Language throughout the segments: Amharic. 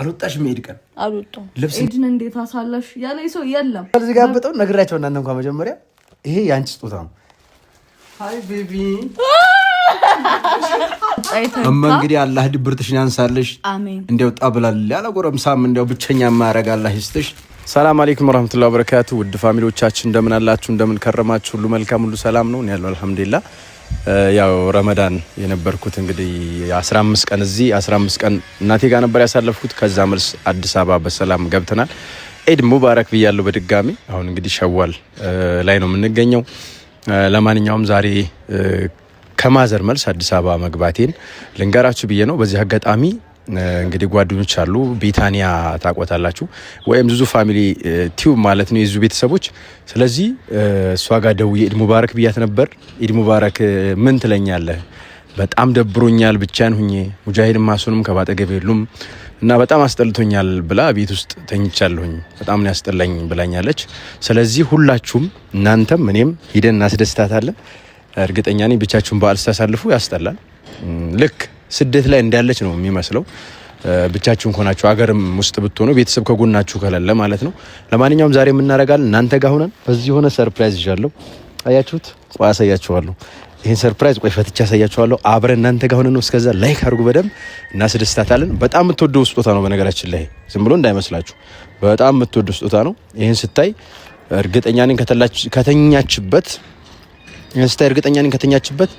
አልወጣሽ መሄድ ቀን አልወጣም። ልብስ እንዴት አሳላሽ ያለ ሰው የለም። አልዘጋበጠው ነግራቸው እናንተ እንኳ መጀመሪያ ይሄ የአንቺ ስጦታ ነው። ሀይ ቤቢ እማ እንግዲህ አላህ ድብርትሽን ያንሳልሽ። እንዲያው ብላል ያለ ጎረምሳም እንዲያው ብቸኛ የማያደርግ አላህ ይስጥሽ። ሰላም አለይኩም ወራህመቱላሂ ወበረካቱ። ውድ ፋሚሊዎቻችን እንደምን አላችሁ? እንደምን ከረማችሁ? ሁሉ መልካም፣ ሁሉ ሰላም ነው ያለው አልሐምዱሊላህ ያው ረመዳን የነበርኩት እንግዲህ 15 ቀን እዚህ 15 ቀን እናቴ ጋር ነበር ያሳለፍኩት። ከዛ መልስ አዲስ አበባ በሰላም ገብተናል። ኤድ ሙባረክ ብያለሁ በድጋሚ። አሁን እንግዲህ ሸዋል ላይ ነው የምንገኘው። ለማንኛውም ዛሬ ከማዘር መልስ አዲስ አበባ መግባቴን ልንገራችሁ ብዬ ነው በዚህ አጋጣሚ እንግዲህ ጓደኞች አሉ። ቤታኒያ ታቆታላችሁ ወይም ዙዙ ፋሚሊ ቲዩብ ማለት ነው የዙ ቤተሰቦች። ስለዚህ እሷ ጋር ደውዬ ኢድ ሙባረክ ብያት ነበር። ኢድ ሙባረክ ምን ትለኛለህ? በጣም ደብሮኛል፣ ብቻን ሁኜ ሙጃሂድ ማሱንም ከባጠገብ የሉም እና በጣም አስጠልቶኛል ብላ ቤት ውስጥ ተኝቻለሁኝ በጣም ያስጠላኝ ብላኛለች። ስለዚህ ሁላችሁም እናንተም እኔም ሂደን እናስደስታታለን። እርግጠኛ ነኝ ብቻችሁን በዓል ስታሳልፉ ያስጠላል ልክ ስደት ላይ እንዳለች ነው የሚመስለው። ብቻችሁን ከሆናችሁ አገርም ውስጥ ብትሆኑ ቤተሰብ ከጎናችሁ ከሌለ ማለት ነው። ለማንኛውም ዛሬ የምናደርጋለን እናንተ ጋር ሆነን በዚህ የሆነ ሰርፕራይዝ ይዣለሁ። አያችሁት? ቆይ አሳያችኋለሁ። ይህን ሰርፕራይዝ ቆይ ፈትቻ አሳያችኋለሁ። አብረን እናንተ ጋር ሆነን ነው። እስከዛ ላይክ አድርጉ በደንብ እናስደስታታለን። በጣም የምትወደው ስጦታ ነው በነገራችን ላይ ዝም ብሎ እንዳይመስላችሁ፣ በጣም የምትወደው ስጦታ ነው። ይህን ስታይ እርግጠኛ ነኝ ከተኛችበት ይህን ስታይ እርግጠኛ ነኝ ከተኛችበት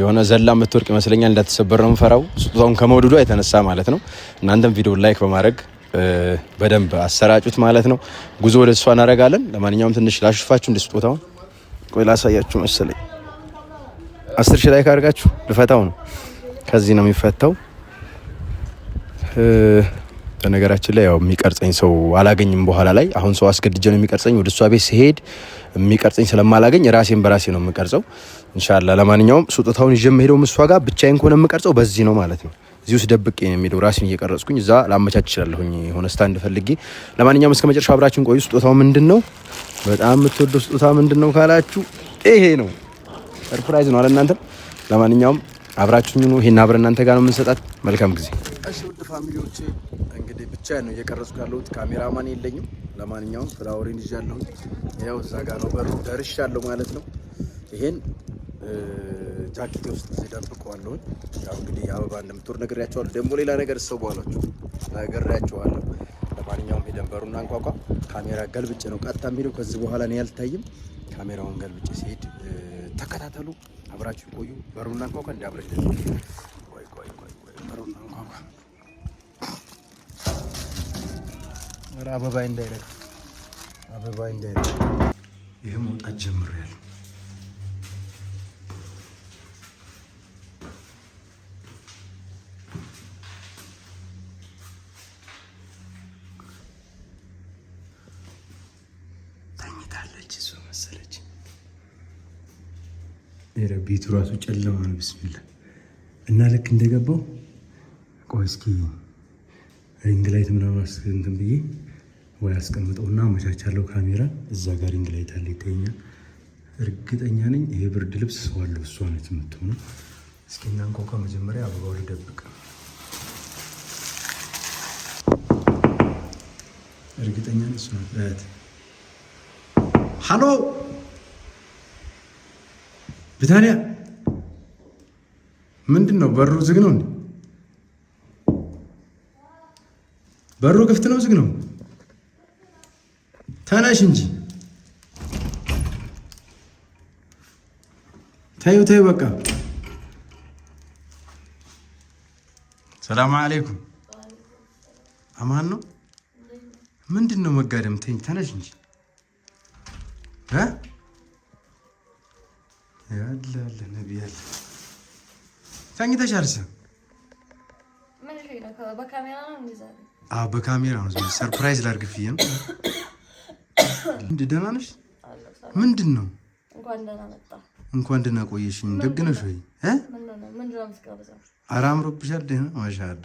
የሆነ ዘላ ምትወርቅ ይመስለኛል። እንዳትሰበር ነው የምፈራው፣ ስጦታውን ከመውደዷ የተነሳ ማለት ነው። እናንተም ቪዲዮ ላይክ በማድረግ በደንብ አሰራጩት ማለት ነው። ጉዞ ወደ እሷ እናደርጋለን። ለማንኛውም ትንሽ ላሽፋችሁ፣ እንደ ስጦታውን ቆይ ላሳያችሁ መሰለኝ። አስር ሺ ላይክ አድርጋችሁ ልፈታው ነው። ከዚህ ነው የሚፈታው። በነገራችን ላይ ያው የሚቀርጸኝ ሰው አላገኝም። በኋላ ላይ አሁን ሰው አስገድጀ ነው የሚቀርጸኝ። ወደ እሷ ቤት ስሄድ የሚቀርጸኝ ስለማላገኝ ራሴን በራሴ ነው የምቀርጸው። እንሻላ ለማንኛውም ስጦታውን ይዤ የምሄደው እሷ ጋር ብቻዬን ከሆነ የምቀርጸው በዚህ ነው ማለት ነው። እዚህ ውስጥ ደብቄ ነው የሚሄደው። ራሴን እየቀረጽኩኝ እዛ ላመቻች ይችላለሁኝ የሆነ ስታንድ ፈልጌ። ለማንኛውም እስከ መጨረሻ አብራችን ቆዩ። ስጦታው ምንድን ነው? በጣም የምትወደው ስጦታ ምንድን ነው ካላችሁ ይሄ ነው። ሰርፕራይዝ ነው አለ ለማንኛውም አብራችሁኝ ነው። ይሄን አብረን እናንተ ጋር ነው የምንሰጣት። መልካም ጊዜ ብቻ ነው እየቀረጽኩ ያለሁት። ካሜራማን የለኝም። ለማንኛውም ፍላወሬን ይዣለሁ። ያው እዛ ጋር ነው በሩ ደርሻለሁ ማለት ነው። ይሄን ጃኬቴ ውስጥ ደብቀዋለሁ። ያው እንግዲህ አበባ እንደምትወር ነግሬያቸዋለሁ። ደግሞ ሌላ ነገር ሰው እሰቧላችሁ ነግሬያቸዋለሁ። ለማንኛውም ሄደን በሩን አንኳኳ። ካሜራ ገልብጬ ነው ቀጥታ የሚሄደው። ከዚህ በኋላ ነው ያልታይም። ካሜራውን ገልብጬ ሲሄድ ተከታተሉ፣ አብራችሁ ቆዩ። በሩን አንኳኳ እንደ አብረሽ ኧረ አበባይ እንዳይረግፍ አበባይ እንዳይረግፍ። ይህ መውጣት ጀምሬያለሁ። ተኝታለች እሷ መሰለች። ኧረ ቤቱ ራሱ ጨለማ ነው። ብስሚላ እና ልክ እንደገባው ቆይ እስኪ ሪንግ ላይት ምናምን እንትን ብዬ ወይ አስቀምጠውና አመቻቻለሁ። ካሜራ እዛ ጋር ሪንግ ላይት አለ ይታየኛል። እርግጠኛ ነኝ ይሄ ብርድ ልብስ ሰው አለው እሷ ነች የምትሆነው። እስኪ እናን ኮካ መጀመሪያ አበባው ልደብቅ። እርግጠኛ ነኝ እሷ ናት። ሀሎ ብታንያ ምንድን ነው በሩ ዝግ ነው እንዴ? በሩ ክፍት ነው ዝግ ነው? ተነሽ እንጂ ተዩ ተዩ በቃ። ሰላም አለይኩም። አማን ነው። ምንድን ነው መጋደም? ተኝ ተነሽ እንጂ ያለ ነቢ ያለ ተኝተሻል። በካሜራ ነው ሰርፕራይዝ ላድርግ ብዬ ነው እንዴ ደህና ነሽ? ምንድን ነው? እንኳን ደህና ቆየሽኝ። ደግ ነሽ ወይ? ኧረ አምሮብሻል። ደህና ማሻአላ።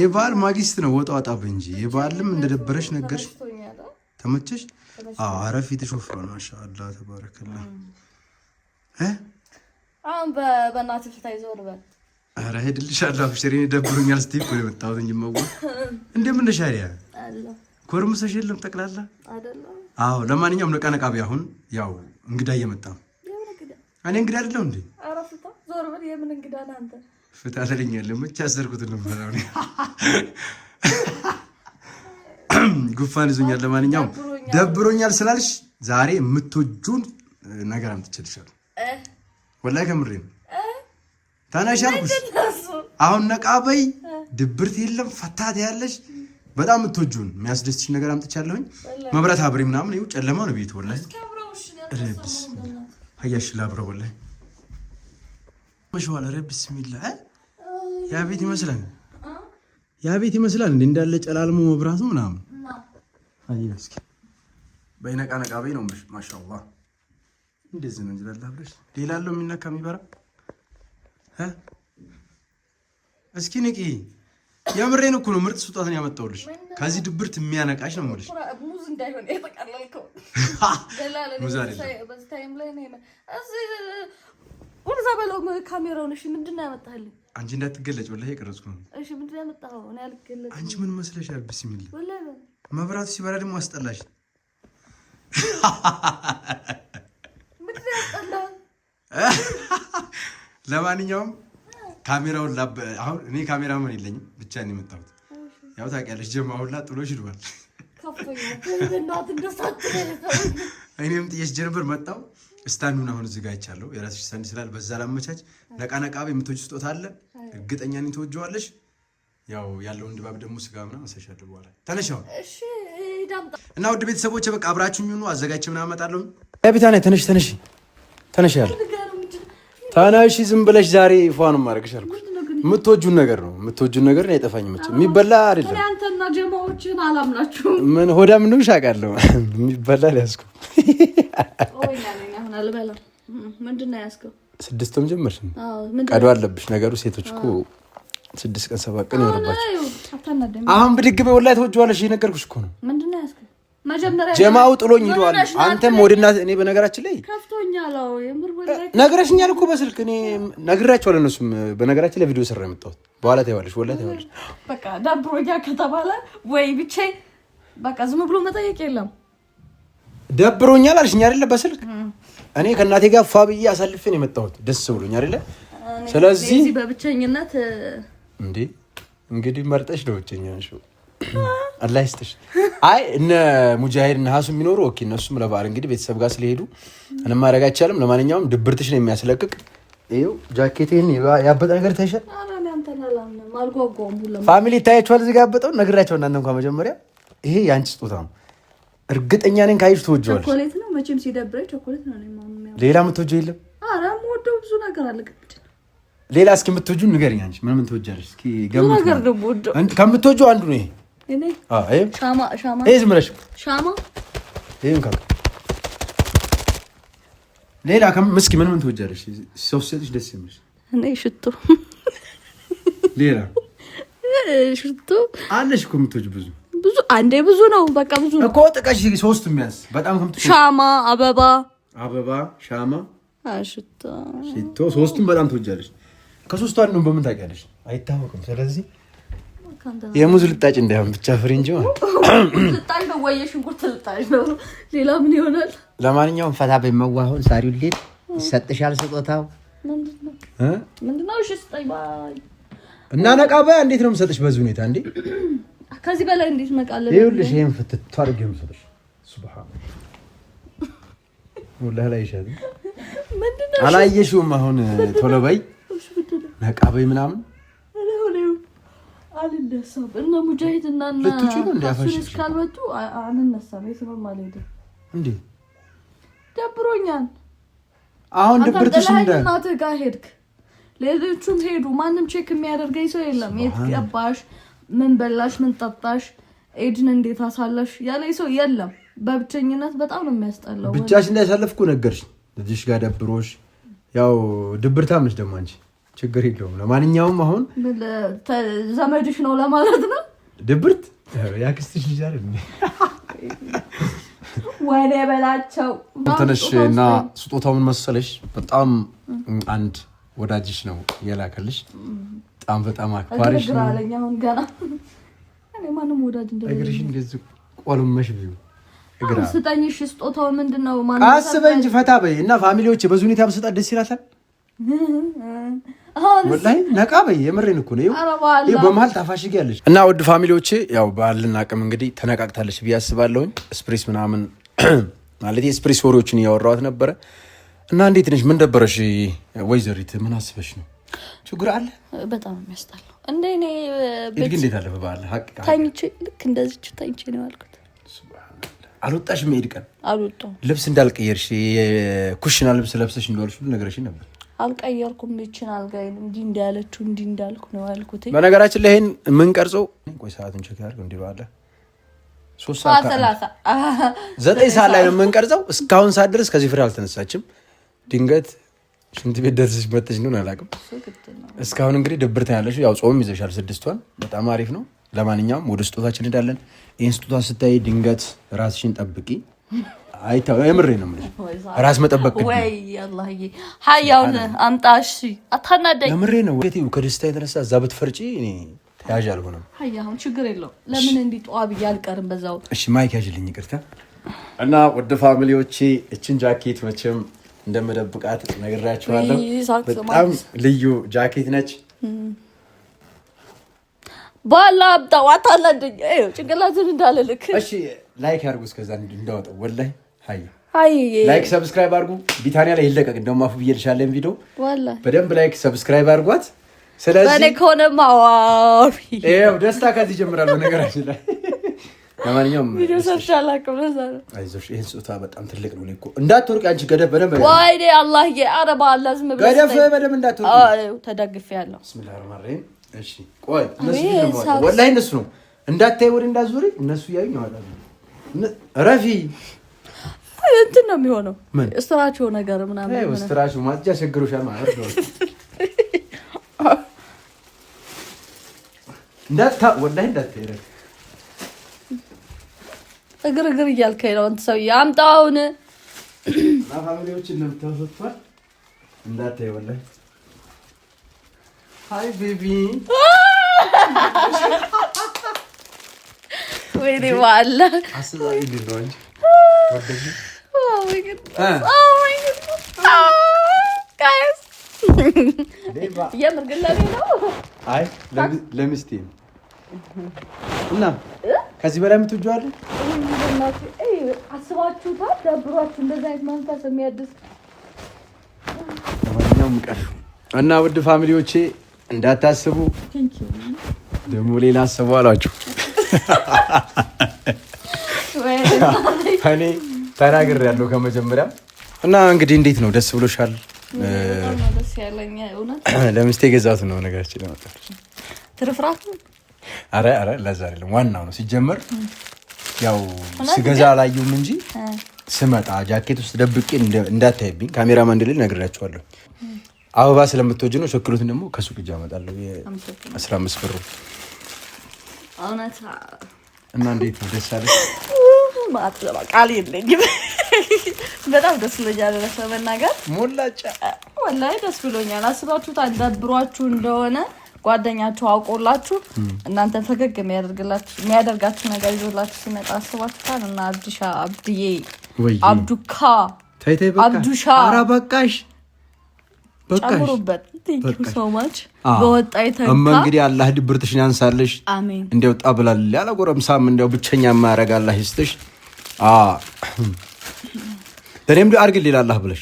የበዓል ማግስት ነው ወጣ ወጣ እንጂ የበዓልም እንደደበረሽ ነገርሽ። ተመቸሽ? ኧረ ፊትሽ ወፍሯል። ማሻአላ ተባረከላ። አሁን በእናትህ ፊት አይዞህ በል ኧረ ሄድልሻለሁ። አብሽሬ ደብሮኛል። ስቴፕ ነው የመጣሁት እንጂ መዋ እንደምን ነሽ? አሪያ ጎርምሰሽ የለም ጠቅላላ። አዎ፣ ለማንኛውም ነቃ ነቃ ቢ። አሁን ያው እንግዳ እየመጣ ነው። እኔ እንግዳ አይደለሁ እንዴ? ፍታ ትለኛለህ። መቼ አሰርኩት ነበር። ጉፋን ይዞኛል። ለማንኛውም ደብሮኛል ስላልሽ ዛሬ የምትወጁን ነገር አምጥቼልሻለሁ። ወላሂ ከምሬ ነው። ታናሽ አልኩሽ። አሁን ነቃ በይ፣ ድብርት የለም ፈታት ያለሽ በጣም የምትወጁን የሚያስደስትሽ ነገር አምጥቻለሁኝ። መብራት አብሬ ምናምን ይኸው ጨለማ ነው ቤት ወላሂ ረብስ ሀያሽ ላብረው ወላሂ መሸዋል ረብስ ሚላ ያ ቤት ይመስላል ያ ቤት ይመስላል እንደ እንዳለ ጨላልሞ መብራቱ ምናምን አየስ በይነቃ ነቃ በይ ነው ማሻአላ። እንደዚህ ነው እንጂ ላላብለሽ ሌላ አለው የሚነካ የሚበራ እስኪ ንቂ የምሬን እኮ ነው። ምርጥ ስጦታ ነው ያመጣሁልሽ። ከዚህ ድብርት የሚያነቃሽ ነው የምልሽ። ሙዝ እንዳይሆን የተቀላልከው ሙዝ ካሜራውን። እሺ ምንድን ነው ያመጣልኝ? አንቺ እንዳትገለጭ ወላሂ የቀረጽኩ ነው። እሺ ምንድን ነው ያመጣኸው? አንቺ ምን መስለሻል? ቢስሚላ መብራቱ ሲበራ ደግሞ አስጠላሽ። ለማንኛውም ካሜራውን አሁን እኔ ካሜራ ምን የለኝም ብቻ ነው የመጣሁት። ያው ታውቂያለሽ ጀማ ሁላ ጥሎሽ ሂዷል። እኔም ጥዬሽ ጀንበር መጣሁ። ስታንዱን አሁን እዚህ ጋር ይቻለሁ። የራስሽ ስታንድ ስላል በዛ ላመቻች ነቃ ነቃ የምትወጪ ስጦታ አለ። እርግጠኛ ነኝ ትወጂዋለሽ። ያው ያለውን ድባብ ደግሞ ስጋ ምናምን አሳይሻለሁ በኋላ ተነሻው እና ውድ ቤተሰቦች በቃ አብራችሁኝ ሁኑ። አዘጋጅ ምናምን አመጣለሁ። ቤታኔ ተነሽ፣ ተነሽ፣ ተነሽ ያለ ተነሽ። ዝም ብለሽ ዛሬ ፏንም አደረግሽ አልኩሽ የምትወጁን ነገር ነው የምትወጁን ነገር ነው የጠፋኝ መች የሚበላ አይደለም። አንተና ጀማዎችን አላምናችሁም። ምን ሆዳ ምንም ሻቃለሁ የሚበላ ሊያስኩ ምንድነው ያስከው ስድስቱም ጀመርሽ ቀዶ አለብሽ ነገሩ። ሴቶች እኮ ስድስት ቀን ሰባት ቀን ይሆንባቸው። አሁን ብድግ በይ ወላሂ ተወጂዋለሽ። የነገርኩሽ እኮ ነው። ጀማው ጥሎኝ ሂደዋል። አንተም ወደ እናት እኔ በነገራችን ላይ ነግረሽኛል እኮ በስልክ እኔ ነግራቸዋለሁ። እነሱም በነገራችን ላይ ቪዲዮ ስራ የመጣሁት በኋላ ታይዋለሽ። ወላ ታይዋለሽ። በቃ ደብሮኛ ከተባለ ወይ ብቻ በቃ ዝም ብሎ መጠየቅ የለም። ደብሮኛል አልሽኝ አይደለ? በስልክ እኔ ከእናቴ ጋር ፋ ብዬ አሳልፌ የመጣሁት። ደስ ብሎኝ አይደለ? ስለዚህ በብቸኝነት እንዴ እንግዲህ መርጠሽ ነው ብቸኛ አላህ ይስጥሽ። አይ እነ ሙጃሄድ እነ ሀሱ የሚኖሩ ኦኬ፣ እነሱም ለበዓል እንግዲህ ቤተሰብ ጋር ስለሄዱ ምንም ማድረግ አይቻልም። ለማንኛውም ድብርትሽ ነው የሚያስለቅቅ። ይኸው ጃኬቴን ያበጠ ነገር ታይሻል። ፋሚሊ ይታያችኋል። እዚህ ጋር ያበጠው ነግራቸው እናንተ እንኳ መጀመሪያ ይሄ የአንቺ ስጦታ ነው። እርግጠኛ ነኝ ካየሽ ትወጂዋለሽ። ሌላ የምትወጂው የለም? ሌላ እስኪ የምትወጂው ንገሪኝ። አንቺ ምን ምን ትወጂያለሽ? እስኪ ከምትወጂው አንዱ ነው ይሄ Maybe. Ah, hey. Schau mal, schau mal. Hey, sind wir das? Schau mal. Hey, Kaka. ሌላ ምስኪ ምን ምን ትወጃለሽ? ሰው ሲሰጥሽ ደስ የሚልሽ እኔ ሽቶ ሌላ ሽቶ አለሽ እኮ የምትወጂው ብዙ ብዙ አንዴ ብዙ ነው በቃ ብዙ ነው እኮ ጥቀሽ ሶስት የሚያዝ በጣም ከምት ሻማ አበባ አበባ ሻማ ሽቶ ሽቶ ሶስቱም በጣም ትወጃለሽ። ከሶስቱ አንዱን በምን ታውቂያለሽ? አይታወቅም። ስለዚህ የሙዝ ልጣጭ እንዳይሆን ብቻ ፍሬንጅ ልጣጭ ነው ወይ የሽንኩርት ልጣጭ ነው? ሌላ ምን ይሆናል? ለማንኛውም ፈታ በመዋሆን ሳሪው ሌት ይሰጥሻል። ስጦታው ምንድነው? እና ነቃ በያ። እንዴት ነው የምሰጥሽ? በዚህ ሁኔታ እንዴ! ከዚህ በላይ እንዴት ነቃለ? ይኸውልሽ ይሄን ፍትት አድርጌ የምሰጥሽ ሱብሃንአላህ ላይ ይሻል። ምንድነው? አላየሽውም? አሁን ቶሎ በይ ነቃ በይ ምናምን አልነሳም። እነ ሙጃሂድ እና እስካልመጡ አንነሳም። አልሄድም። እንዴ ደብሮኛል። አሁን ድብርትሽ እናትህ ጋር ሄድክ፣ ሌሎቹም ሄዱ። ማንም ቼክ የሚያደርገኝ ሰው የለም። የት ገባሽ፣ ምን በላሽ፣ ምን ጠጣሽ፣ ኤድን እንዴት አሳለሽ ያለኝ ሰው የለም። በብቸኝነት በጣም ነው የሚያስጠላው። ብቻሽ እንዳያሳለፍኩ ነገርሽ ልጅሽ ጋር ደብሮሽ፣ ያው ድብርታም ደግሞ አንቺ ችግር የለውም። ለማንኛውም አሁን ዘመድሽ ነው ለማለት ነው። ድብርት ያክስትሽ ልጅ አይደል? ወደ በላቸው እንትንሽ እና ስጦታውን መሰለሽ። በጣም አንድ ወዳጅሽ ነው የላከልሽ። በጣም በጣም አክባሪሽ ነው። ማንም ወዳጅ እግርሽ እንደዚህ ቆልመሽ ብዙ ስጠኝሽ ስጦታው ስጦታውን ምንድን ነው? አስበ እንጂ ፈታ በይ እና ፋሚሊዎች በዚህ ሁኔታ ብስጣት ደስ ይላታል። ላይ ነቃ በይ። የምሬን እኮ ነው። በመሀል ታፋሽግ ያለች እና ውድ ፋሚሊዎቼ ያው ባለን አቅም እንግዲህ ተነቃቅታለች ብዬ አስባለሁኝ። ስፕሪስ ምናምን ማለት የስፕሪስ ወሬዎችን እያወራኋት ነበረ እና እንዴት ነሽ? ምን ደበረሽ? ወይዘሪት ምን አስበሽ ነው? ችግር አለ በጣም የሚያስጠላው እንደ እኔ ግን እንዴት አለ በዓል ተኝቼ ልክ እንደዚች ተኝቼ ነው ያልኩት። አልወጣሽም? መሄድ ቀን አልወጣሁም። ልብስ እንዳልቀየርሽ የኩሽና ልብስ ለብሰሽ እንደዋልሽ ሁሉ ነገረሽኝ ነበር አልቀየርኩም። ይችን አልጋ እንዲህ እንዳለችው እንዲህ እንዳልኩ ነው ያልኩት። በነገራችን ላይ ይህን የምንቀርጸው ቆይ ሰዓት እንቸክያል እንዲህ ባለ ዘጠኝ ሰዓት ላይ ነው የምንቀርጸው። እስካሁን ሰዓት ድረስ ከዚህ ፍሬ አልተነሳችም። ድንገት ሽንት ቤት ደርሰሽ መተሽ ነው አላውቅም። እስካሁን እንግዲህ ድብርት ያለች ያው ጾም ይዘሻል። ስድስቷን በጣም አሪፍ ነው። ለማንኛውም ወደ ስጦታችን እንሄዳለን። ይህን ስጦታ ስታይ ድንገት ራስሽን ጠብቂ። አይታወቅም። የምሬ ነው የምልሽ። ራስ መጠበቅ ወይ አላህዬ ሀያውን አምጣ። እሺ አታናደኝ። የምሬ ነው ከደስታ የተነሳ እዛ ብትፈርጪ እኔ ተያዥ አልሆነም። ሀያሁን ችግር የለው። ለምን እንዲ ጠዋ ብዬ አልቀርም በዛው። እሺ ማይክ ያዥልኝ። ይቅርታ እና ወደ ፋሚሊዎቼ እችን ጃኬት መቼም እንደምደብቃት ነግራችኋለሁ። በጣም ልዩ ጃኬት ነች። ባላ አምጣው። አታናደኝ። ጭንቅላትን እንዳለልክ። እሺ ላይክ ያድርጉ እስከዛ እንዳወጣው ወላይ ላይክ ሰብስክራይብ አድርጉ። ቢታንያ ላይ ይለቀቅ እንደውም አፉ ብዬልሻለን ቪዲዮ በደንብ ላይክ ሰብስክራይብ አድርጓት። ስለዚህ ከሆነማ ይኸው ደስታ ከዚህ ይጀምራል። በነገራችን ላይ ለማንኛውም ይህን ስጦታ በጣም ትልቅ ነው እኮ እንዳትወርቅ። አንቺ ገደፍ በደንብ ወይኔ አላህ አረባ አላ ዝም ገደፍ በደንብ እንዳትወርቅ ተደግፌ ያለው ብስሚላ እሺ ቆይ ወላሂ እነሱ ነው እንዳታይ ወደ እንዳዙሪ እነሱ እያዩ ረፊ እንትን ነው የሚሆነው። ስትራቸው ነገር ምናምን ስትራቸው ማጽጃ ቸግሮሻል ማለት ነው። ወላሂ እንዳትሄደ እግር እግር እያልከኝ ነው። እንትን ሰውዬ አምጣውን ፋሚሊዎች እንደምታሰጥቷል እንዳታይ ወላሂ ሀይ ቤቢ ወይኔ ዋላ አስባ ነው እንጂ የምር አይ ለሚስቴ ነው። እና ከዚህ በላይ የምትወጂዋለሽ? አስባችሁታል? ደብሯችሁ እንደዚህ አይነት መንፈስ የሚያድስ ለማንኛውም ቀር እና ውድ ፋሚሊዎቼ እንዳታስቡ፣ ደግሞ ሌላ አስቡ አሏችሁ እኔ ተናግር ያለው ከመጀመሪያ እና እንግዲህ እንዴት ነው? ደስ ብሎሻል? ለምስቴ ገዛት ነው ነገራችን ለመጣ ትርፍራፍ። አረ አረ ለዛ አይደለም ዋናው ነው ሲጀመር ያው ስገዛ አላየሁም እንጂ ስመጣ ጃኬት ውስጥ ደብቄ እንዳታይብኝ ካሜራ ካሜራማን እንደሌለ ነግሬያቸዋለሁ። አበባ ስለምትወጅ ነው። ሸክሎትን ደግሞ ከሱቅ እጅ አመጣለሁ የ አምስት ብሩ እና እንዴት ነው ደስ አለሽ? ቃል የለኝም። በጣም ደስ ብሎኛል። ለመናገር ሞላጫ ወላሂ ደስ ብሎኛል። እንደሆነ ጓደኛችሁ አውቆላችሁ እናንተ ፈገግ የሚያደርጋችሁ ነገር ይዞላችሁ ሲመጣ አስባችሁታል? እና አብድዬ አብዱካ አብዱሻ እንግዲህ አላህ ድብርትሽን እንዲያው ጣብላል ያለ ጎረምሳም እንዲያው ብቸኛ ማያረግ አላህ ይስጥሽ። በደንብ አርግ ይላል ብለሽ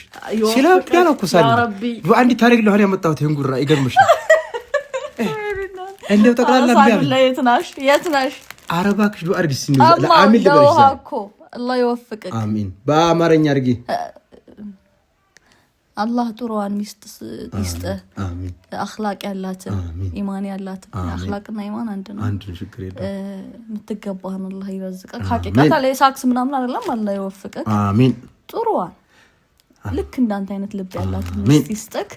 ሲላ ነው እኮ ሳሊ ታሪክ ለሆን ያመጣሁት ይህን ጉራ ይገርምሻል። እንደው ጠቅላላ አረባ ክሽ እባክሽ ዱዐ አድርጊ። አሚን ልበልሽ። አሚን በአማርኛ አድርጊ አላህ ጥሩዋን ሚስት ይስጥ፣ አክላቅ ያላትን ኢማን ያላትን። አክላቅና ኢማን አንድ ነው፣ የምትገባህን አላህ ይበዝቀ። ሀቂቃታ ላይ ሳክስ ምናምን አይደለም፣ አላህ ይወፍቀ። ጥሩዋን ልክ እንዳንተ አይነት ልብ ያላትን ሚስት ይስጠክ።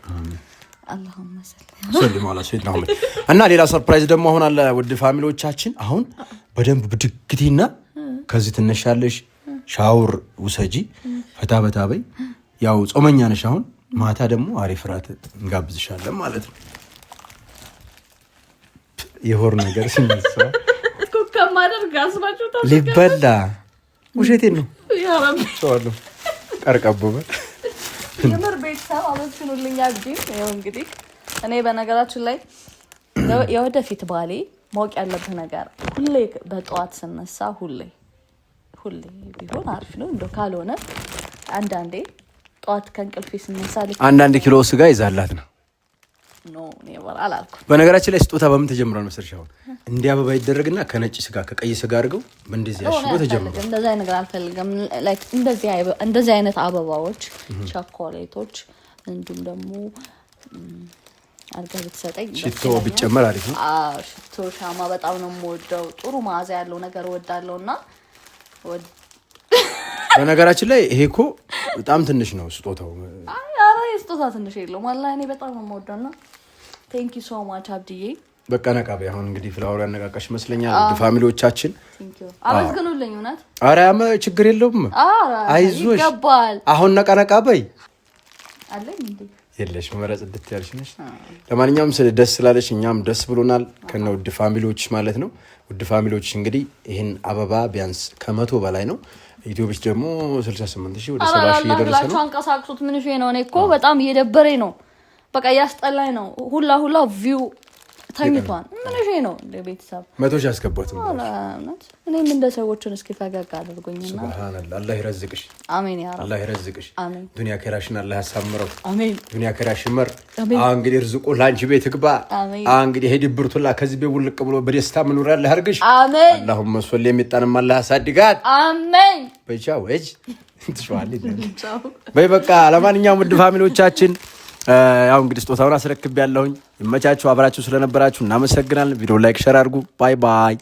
እና ሌላ ሰርፕራይዝ ደግሞ አሁን አለ። ውድ ፋሚሊዎቻችን አሁን በደንብ ብድግቲና ከዚህ ትነሻለሽ፣ ሻውር ውሰጂ፣ ፈታ በታ በይ ያው ጾመኛ ነሽ። አሁን ማታ ደግሞ አሪፍ ራት እንጋብዝሻለን ማለት ነው። የሆር ነገር ሲነሳ ሊበላ ውሸቴን ነው ሰዋለሁ ቀርቀቡበ የምር ቤተሰብ አመስግኑልኛ። ይኸው እንግዲህ እኔ በነገራችን ላይ የወደፊት ባሌ ማወቅ ያለብህ ነገር ሁሌ በጠዋት ስነሳ ሁሌ ሁሌ ቢሆን አሪፍ ነው። እንደው ካልሆነ አንዳንዴ ጠዋት ከእንቅልፌ ስነሳ አንዳንድ ኪሎ ስጋ ይዛላት ነው። በነገራችን ላይ ስጦታ በምን ተጀምሯል መሰለሽ? አሁን እንዲህ አበባ ይደረግና ከነጭ ስጋ ከቀይ ስጋ አድርገው እንደዚህ አሽቦ ተጀምሯል። እንደዚህ አይነት ነገር አልፈልግም። እንደዚህ አይነት አበባዎች፣ ቸኮሌቶች እንዲሁም ደግሞ አድጋ ብትሰጠኝ ሽቶ ብጨመር አሪፍ ነው። ሽቶ ሻማ በጣም ነው የምወደው። ጥሩ መዓዛ ያለው ነገር እወዳለሁ እና በነገራችን ላይ ይሄ እኮ በጣም ትንሽ ነው ስጦታው። ስጦታ ትንሽ የለውም። አላ እኔ በጣም የምወደው እና ቴንክ ዩ ሶ ማች አብድዬ። በቃ ነቃ በይ። አሁን እንግዲህ ፍላወር ያነቃቃሽ ይመስለኛል። ፋሚሊዎቻችን አመስግኑልኝ። እውነት ኧረ ችግር የለውም። አይዞሽ አሁን ነቃ ነቃ በይ። የለሽ መመረጽ ድት ያልሽ ነሽ። ለማንኛውም ስለ ደስ ስላለሽ እኛም ደስ ብሎናል፣ ከነ ውድ ፋሚሊዎች ማለት ነው። ውድ ፋሚሊዎች እንግዲህ ይህን አበባ ቢያንስ ከመቶ በላይ ነው ኢትዮጲስ ደግሞ 68 ሺህ ወደ 70 ሺህ የደረሰ ነው። አንቀሳቅሱት። ምን ነው እኔ እኮ በጣም እየደበረኝ ነው። በቃ እያስጠላኝ ነው። ሁላ ሁላ ቪው ተኝቷን ምን ሽ ነው እንደ ቤተሰብ መቶ ሺህ አስገባት። እኔም እንደ ሰዎችን እስኪ ፈገግ አድርጎኝ። ሱብሃነላህ አላህ ይረዝቅሽ። አሜን ያ አላህ ይረዝቅሽ። አሜን ዱንያ ከራሽን አላህ ያሳምረው። አሜን ዱኒያ ከራሽ መር አሁን እንግዲህ እርዝቁ ላንቺ ቤት ግባ። አሁን እንግዲህ ሄድ ብርቱላ ከዚህ ቤት ውልቅ ብሎ በደስታ መኖር ያለ አድርግሽ። አሜን አላሁመ ሶሊ የሚጣንም አላህ ያሳድጋት። አሜን በቻ ወጅ ትሽዋል። በይ በቃ ለማንኛውም ውድ ፋሚሊዎቻችን ያው እንግዲህ ስጦታውን አስረክብ ያለሁኝ። ይመቻችሁ። አብራችሁ ስለነበራችሁ እናመሰግናለን። ቪዲዮ ላይክ፣ ሸር አድርጉ። ባይ ባይ።